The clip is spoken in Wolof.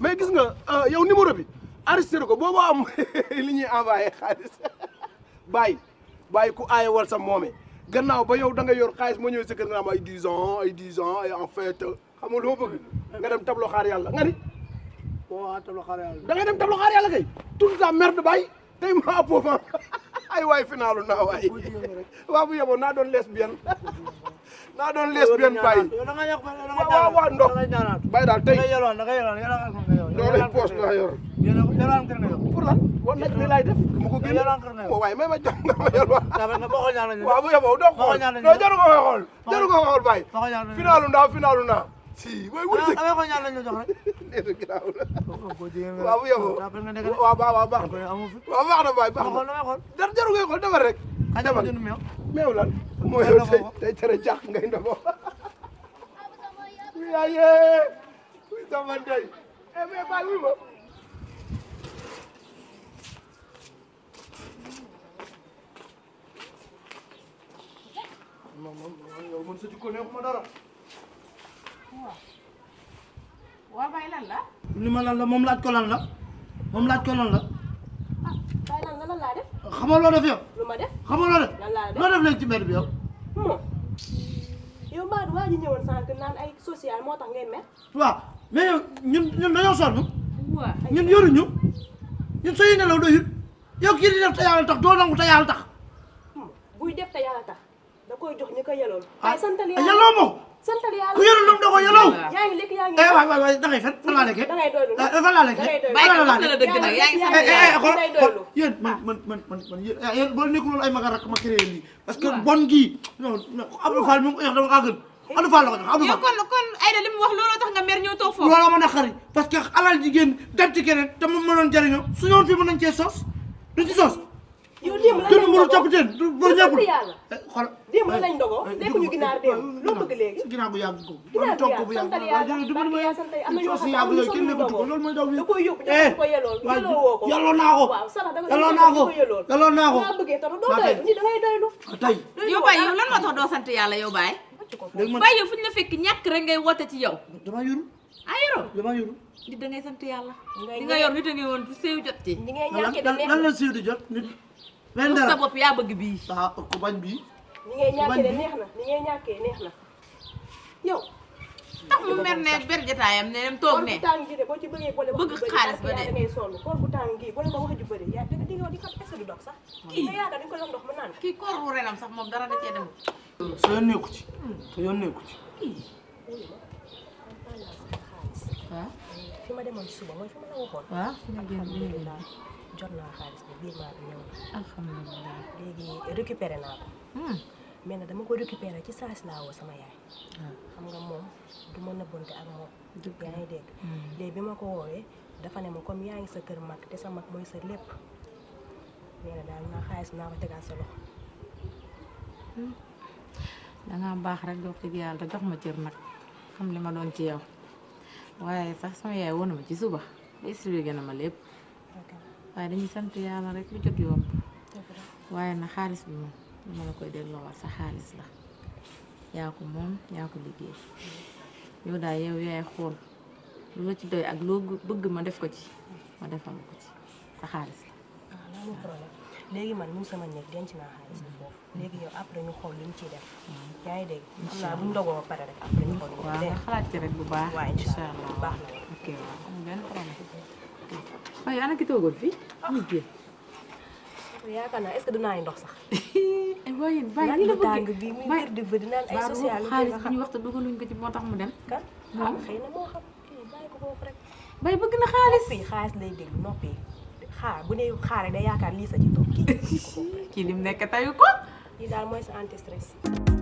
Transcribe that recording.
mais gis nga euh, yow numéro bi enregistré ko boobu am li ñuy envoyé xaalis bàyyi bàyyi ku aaye sa moome gannaaw ba yow da nga yor xaalis moo ñëwee sa kër nga am ay 10 ans ay 10 ans ay en fait xam nga lu ma nga dem tablo xaar yàlla nga ni. waaw tablo xaar yàlla da ngay dem tablo kay tout ça merde bàyyi tey ma appo ay waay finalu naa waay waaw bu yeboo naa doon lesbienne daa doon lees benn bàyyi waaw waaw ndox bàyyi daal tey doolay poos laa yor pour lan war nañ li laay def ma ko nga ma yalwaan waaw bu yeboo doo xool non jaru ko xool jaru finalu ndaa finalu ndaa si mooy wërsëg ah amee ko ñaar lañ la jox rek. nee na ginnaaw la. waaw yow waaw waaw baax na waaw baax na waay baax na. damay xool jar jaru ngay xool defar rek. defar meew lan. mooy yow tey tey tere jàq ngay ndafoo. yaaye kuy sama ndey. eh mais baal wi ma. moom moom yow man sa jikko neexuma dara. waaw bay lan la. li ma lan la moom laaj moom laaj ko la. Ah, laa def. xamoo loo def yow. lu ma def xamoo bi yow. moom yow Maodo waa ji moo tax ngay mer. waaw mais yow ñun ñun dañoo sonn. waaw ñun yoruñu ñun sooy nelaw doyul yow kii di def te yàlla doo nangu te yàlla hmm. buy def te yàlla tax jox ñi ko yellool. Ah, ay santal ah, yàlla yelloo moom. santal yàlla ku yorul lu mu dogoon yorul. yaa ngi lekk yaa ngi laa lekkee. da laa lekkee. yéen man man man man yéen boo ay maga ma créé lii parce que bon gii non Abdou Fall ko jox dama kaa gën. ko jox Abdou Fall. kon kon Aïda li wax looloo nga mer ñëw toog foofu. looloo ma naqari parce que alal jigéen dem ci keneen te mu su ñëwoon fii mën nañ cee sos du sos yow démb eh, eh, lañ dogo eh, démb lañ dogo lekkuñu ginaar démb loo bëgg léegi. ginaar bu yàgg ko ginaar bu yàgg santal yàlla sant yàlla am na yoo xam ne kenn lekkatu ko loolu mooy daw da koy yóbbu da ko yelool yeloo woo ko yeloo naa ko waaw sarax da nga ko yelool yeloo naa ko bëggee tam doo doy ni da ngay doylu tey yow bàyyi yow lan moo tax doo sant yàlla yow bàyyi bàyyi yow fu ñu la fekk ñàkk rek ngay woote ci yow dama yuru ayoro dama yoru di da ngay sant yàlla di nga yor nit a ngi woon du séew jot ci di ngay ñàkke de neex lan la séew di jot nit len dara sa bopp yaa bëgg bii ah ko bañ bii ni ngay ñàkke de neex na ni ngay ñàkke neex na yow tax mu mer ne ber jataayam ne dem toog ne tàng gi de boo ci bëggee boole bëgg xaalis ba de da ngay sonn koor bu tàng gi boole ko wax ju bëri yaa di nga di xam est-ce que du dox sax kii nga yaakaar dañ ko yox ndox mu naan kii koor wu renam sax moom dara da cee dem sa yoon nekku ci sa yoon nekku ci waaw fi ma demoon suba mooy fi ma la waxoon waaw fi ma jël naa jot naa xaalis bi biir maa bi ñëw na alhamdulilah léegi récupéré naa ko mais nag dama ko récupéré ci saas laa woo sama yaay xam nga moom du ma nëbbante ak moom yaa ngi dégg léegi bi ma ko woowee dafa ne ma comme yaa ngi sa kër mag te sa mag mooy sa lépp nee na daal naa xaalis naa ko tegaat sa loxo dangaa baax waaye sax sama yaay woon ma ci suba ba expliqué na ma lépp waaye dañuy sant yàlla rek lu jot yomb waaye na xaalis bi moom ñu mën a koy delloowaat sa xaalis la yaa ko moom yaa ko liggéey yow daal yow yaay xool lu la ci doy ak loo bëgg ma def ko ci ma defal ko ci sa xaalis la ah, léegi man mu sama nekk denc naa xaalis bi foofu mm-hmm. léegi yow après ñu xool li ñu ciy def mm-hmm. yaa ngi dégg xam naa bu ñu dogoo pare rek après ñu xool waaw nga xalaat ci rek bu baax waaw incha allah bu baax la ok waaw am benn ki toogoon fii ñu ah. jé yaakaar naa est-ce ndox sax waaye bàyyi la bëgg bi muy wér di bëgg naan ay social xaalis bi ñu waxta dugaluñ ko moo tax mu dem kan moom ah, xëy na moo xam xaalis bi xaalis lay dégg noppi xaar bu dee xaar rek day yaakaar lii sa ci toog kii. kii lim nekk tayu ko. lii daal mooy sa anti stress.